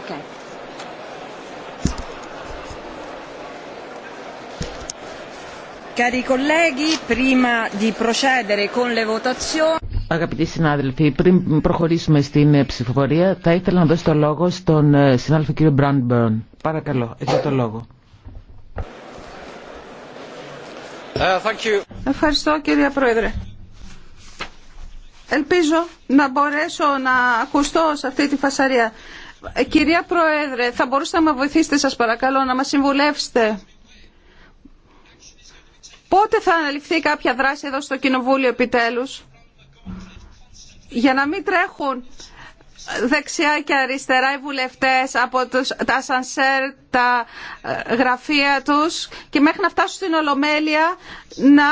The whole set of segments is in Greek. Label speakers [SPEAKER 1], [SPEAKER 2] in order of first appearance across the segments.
[SPEAKER 1] Okay. Cari colleghi, prima di procedere con le votazioni.
[SPEAKER 2] Αγαπητοί συνάδελφοι, πριν προχωρήσουμε στην ε, ψηφοφορία, θα ήθελα να δώσω το λόγο στον ε, συνάδελφο κύριο Μπραντμπερν. Παρακαλώ, έχετε το λόγο.
[SPEAKER 1] Ε, thank Ευχαριστώ κύριε Πρόεδρε. Ελπίζω να μπορέσω να ακουστώ σε αυτή τη φασαρία. Κυρία Πρόεδρε, θα μπορούσατε να με βοηθήσετε σας παρακαλώ, να μας συμβουλεύσετε. Πότε θα αναλυφθεί κάποια δράση εδώ στο Κοινοβούλιο επιτέλους για να μην τρέχουν δεξιά και αριστερά οι βουλευτές από τους, τα σανσέρ, τα ε, γραφεία τους και μέχρι να φτάσουν στην Ολομέλεια να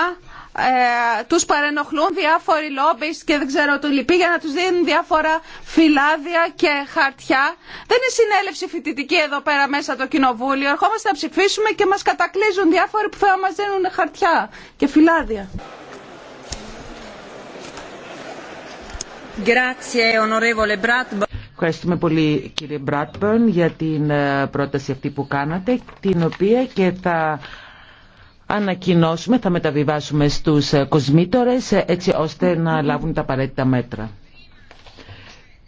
[SPEAKER 1] ε, τους παρενοχλούν διάφοροι λόμπις και δεν ξέρω του λυπή για να τους δίνουν διάφορα φυλάδια και χαρτιά. Δεν είναι συνέλευση φοιτητική εδώ πέρα μέσα το κοινοβούλιο. Ερχόμαστε να ψηφίσουμε και μας κατακλείζουν διάφοροι που θα μας δίνουν χαρτιά και φυλάδια. Ευχαριστούμε πολύ κύριε
[SPEAKER 2] Μπράτμπερν για την ε, πρόταση αυτή που κάνατε, την οποία και θα ανακοινώσουμε, θα μεταβιβάσουμε στους ε, κοσμήτορες ε, έτσι ώστε να λάβουν τα απαραίτητα μέτρα.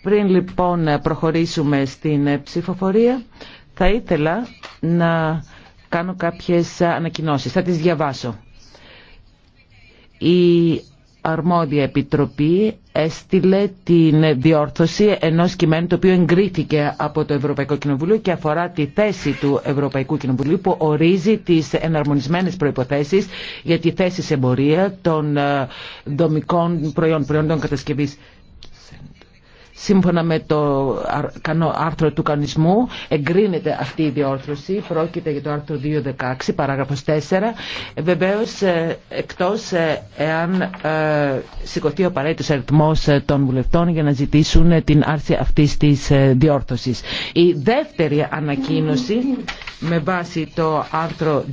[SPEAKER 2] Πριν λοιπόν ε, προχωρήσουμε στην ψηφοφορία, θα ήθελα να κάνω κάποιες ανακοινώσεις. Θα τις διαβάσω αρμόδια επιτροπή έστειλε την διόρθωση ενός κειμένου το οποίο εγκρίθηκε από το Ευρωπαϊκό Κοινοβούλιο και αφορά τη θέση του Ευρωπαϊκού Κοινοβουλίου που ορίζει τις εναρμονισμένες προϋποθέσεις για τη θέση σε εμπορία των ε, δομικών προϊόντων, προϊόντων κατασκευής. Σύμφωνα με το άρθρο του κανονισμού εγκρίνεται αυτή η διόρθωση. Πρόκειται για το άρθρο 216 παράγραφος 4. Βεβαίως ε, εκτός ε, εάν ε, σηκωθεί ο απαραίτητος αριθμός των βουλευτών για να ζητήσουν την άρση αυτής της διόρθωσης. Η δεύτερη ανακοίνωση με βάση το άρθρο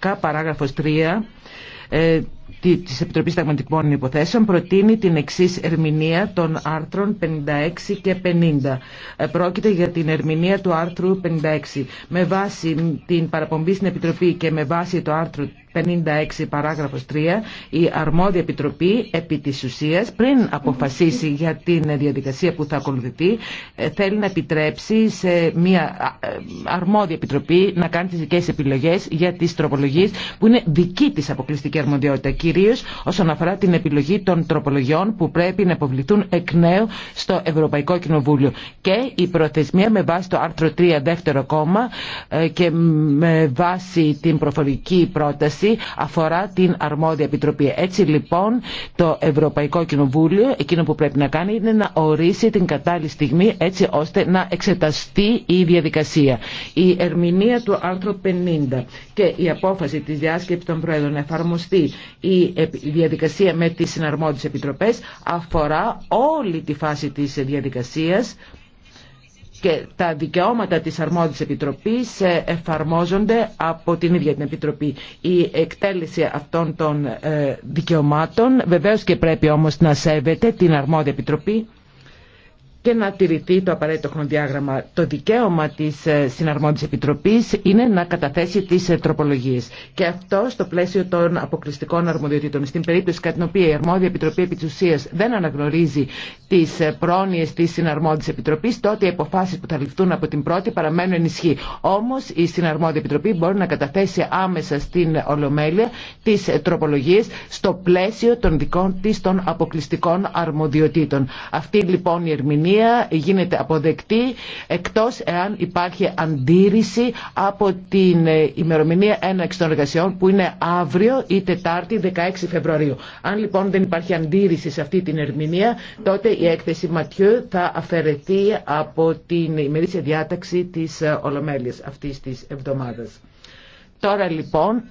[SPEAKER 2] 211 παράγραφος 3 της Επιτροπής Ταγματικών Υποθέσεων προτείνει την εξής ερμηνεία των άρθρων 56 και 50. Ε, πρόκειται για την ερμηνεία του άρθρου 56. Με βάση την παραπομπή στην Επιτροπή και με βάση το άρθρο 56 παράγραφος 3 η αρμόδια επιτροπή επί της ουσίας πριν αποφασίσει για την διαδικασία που θα ακολουθηθεί ε, θέλει να επιτρέψει σε μια ε, αρμόδια επιτροπή να κάνει τις δικές επιλογές για τις τροπολογίες που είναι δική της αποκλειστική αρμοδιότητα κυρίως όσον αφορά την επιλογή των τροπολογιών που πρέπει να αποβληθούν εκ νέου στο Ευρωπαϊκό Κοινοβούλιο και η προθεσμία με βάση το άρθρο 3 δεύτερο κόμμα ε, και με βάση την προφορική πρόταση αφορά την αρμόδια επιτροπή. Έτσι λοιπόν το Ευρωπαϊκό Κοινοβούλιο εκείνο που πρέπει να κάνει είναι να ορίσει την κατάλληλη στιγμή έτσι ώστε να εξεταστεί η διαδικασία. Η ερμηνεία του άρθρου 50 και η απόφαση της διάσκεψης των Πρόεδρων να εφαρμοστεί η διαδικασία με τις συναρμόδιες επιτροπές αφορά όλη τη φάση της διαδικασίας και τα δικαιώματα της αρμόδιας επιτροπής ε, εφαρμόζονται από την ίδια την επιτροπή. Η εκτέλεση αυτών των ε, δικαιωμάτων βεβαίως και πρέπει όμως να σέβεται την αρμόδια επιτροπή και να τηρηθεί το απαραίτητο χρονοδιάγραμμα. Το δικαίωμα της ε, Συναρμόντης Επιτροπής είναι να καταθέσει τις ε, τροπολογίες. Και αυτό στο πλαίσιο των αποκλειστικών αρμοδιοτήτων. Στην περίπτωση κατά την οποία η Αρμόδια Επιτροπή επί της ουσίας δεν αναγνωρίζει τις ε, πρόνοιες της Συναρμόντης Επιτροπής, τότε οι αποφάσεις που θα ληφθούν από την πρώτη παραμένουν ενισχύ. Όμως η Συναρμόδια Επιτροπή μπορεί να καταθέσει άμεσα στην Ολομέλεια τι τροπολογίε στο πλαίσιο των δικών τη των αποκλειστικών αρμοδιοτήτων. Αυτή λοιπόν η ερμηνεία γίνεται αποδεκτή εκτός εάν υπάρχει αντίρρηση από την ε, ημερομηνία έναρξη των εργασιών που είναι αύριο ή Τετάρτη 16 Φεβρουαρίου. Αν λοιπόν δεν υπάρχει αντίρρηση σε αυτή την ερμηνεία τότε η έκθεση Ματιού θα αφαιρεθεί από την ημερήσια διάταξη της ε, Ολομέλειας αυτής της εβδομάδας. Τώρα λοιπόν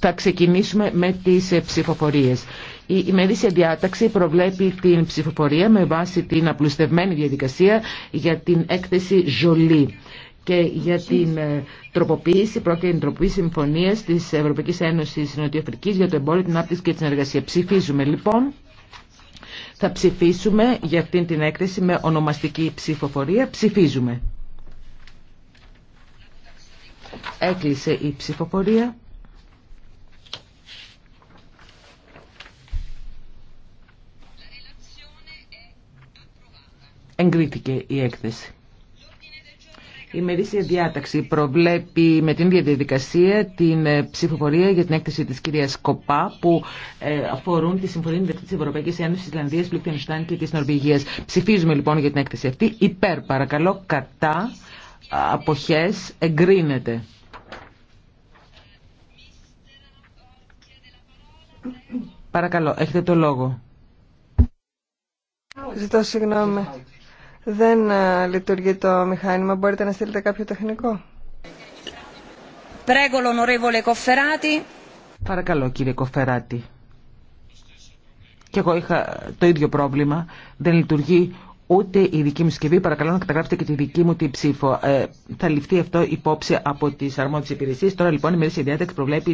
[SPEAKER 2] θα ξεκινήσουμε με τις ε, ψηφοφορίες. Η ημερήσια διάταξη προβλέπει την ψηφοφορία με βάση την απλουστευμένη διαδικασία για την έκθεση Ζολή και για την ε, τροποποίηση, πρόκειται την τροποποίηση συμφωνία τη Ευρωπαϊκή Ένωση Νοτιοαφρική για το εμπόριο, την άπτυξη και την συνεργασία. Ψηφίζουμε λοιπόν. Θα ψηφίσουμε για αυτήν την έκθεση με ονομαστική ψηφοφορία. Ψηφίζουμε. Έκλεισε η ψηφοφορία. εγκρίθηκε η έκθεση. Η μερίσια διάταξη προβλέπει με την διαδικασία την ε, ψηφοφορία για την έκθεση της κυρίας Κοπά που ε, αφορούν τη συμφωνία μεταξύ της Ευρωπαϊκής Ένωσης, Ισλανδίας, Λιχτενστάν και της Νορβηγίας. Ψηφίζουμε λοιπόν για την έκθεση αυτή. Υπέρ παρακαλώ, κατά, αποχές, εγκρίνεται. Παρακαλώ, έχετε το λόγο.
[SPEAKER 1] Ζητώ συγγνώμη. Δεν ε, λειτουργεί το μηχάνημα. Μπορείτε να στείλετε κάποιο τεχνικό.
[SPEAKER 2] Παρακαλώ κύριε Κοφεράτη. Και εγώ είχα το ίδιο πρόβλημα. Δεν λειτουργεί ούτε η δική μου συσκευή. Παρακαλώ να καταγράψετε και τη δική μου την ψήφο. Ε, θα ληφθεί αυτό υπόψη από τι αρμόδιε υπηρεσίε. Τώρα λοιπόν η μερική διάταξη προβλέπει